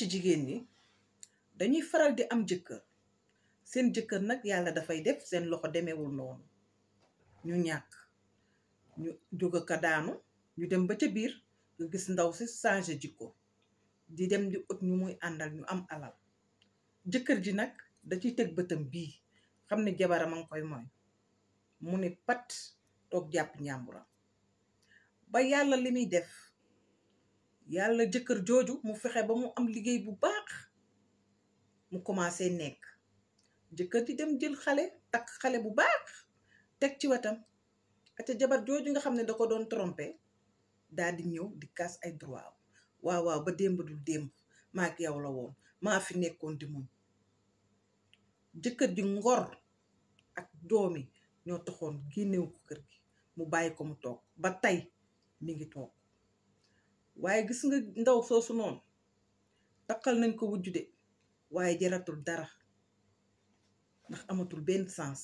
ci jigéen ñi dañuy faral di am jëkkër seen jëkkër nag yàlla dafay def seen loxo demeewul noonu ñu ñàkk ñu jóga ko daanu ñu dem ba ca biir nga gis ndaw si changé jikko di dem di ut ñu muy àndal ñu am alal jëkkër ji nag da ciy teg bëtam bii xam ne jabaram a ngi koy mooy mu ne pat toog jàpp njàmburam ba yàlla li muy def yàlla jëkkër jooju mu fexe ba mu am liggéey bu baax mu commencé nekk jëkkër ji dem jël xale takk xale bu baax teg ci wetam ate jabar jooju nga xam ne da ko doon trompé daal di ñëw di kaas ay droit am waaw waaw ba démb dul démb maa ak la woon maa fi nekkoon di muñ jëkkër ji ngor ak doomi ñoo toxoon génnewu ko kër gi mu bàyyi ko mu toog ba tey mi ngi toog waaye gis nga ndaw soosu noonu taqal nañ ko de waaye jaratul dara ndax amatul benn sens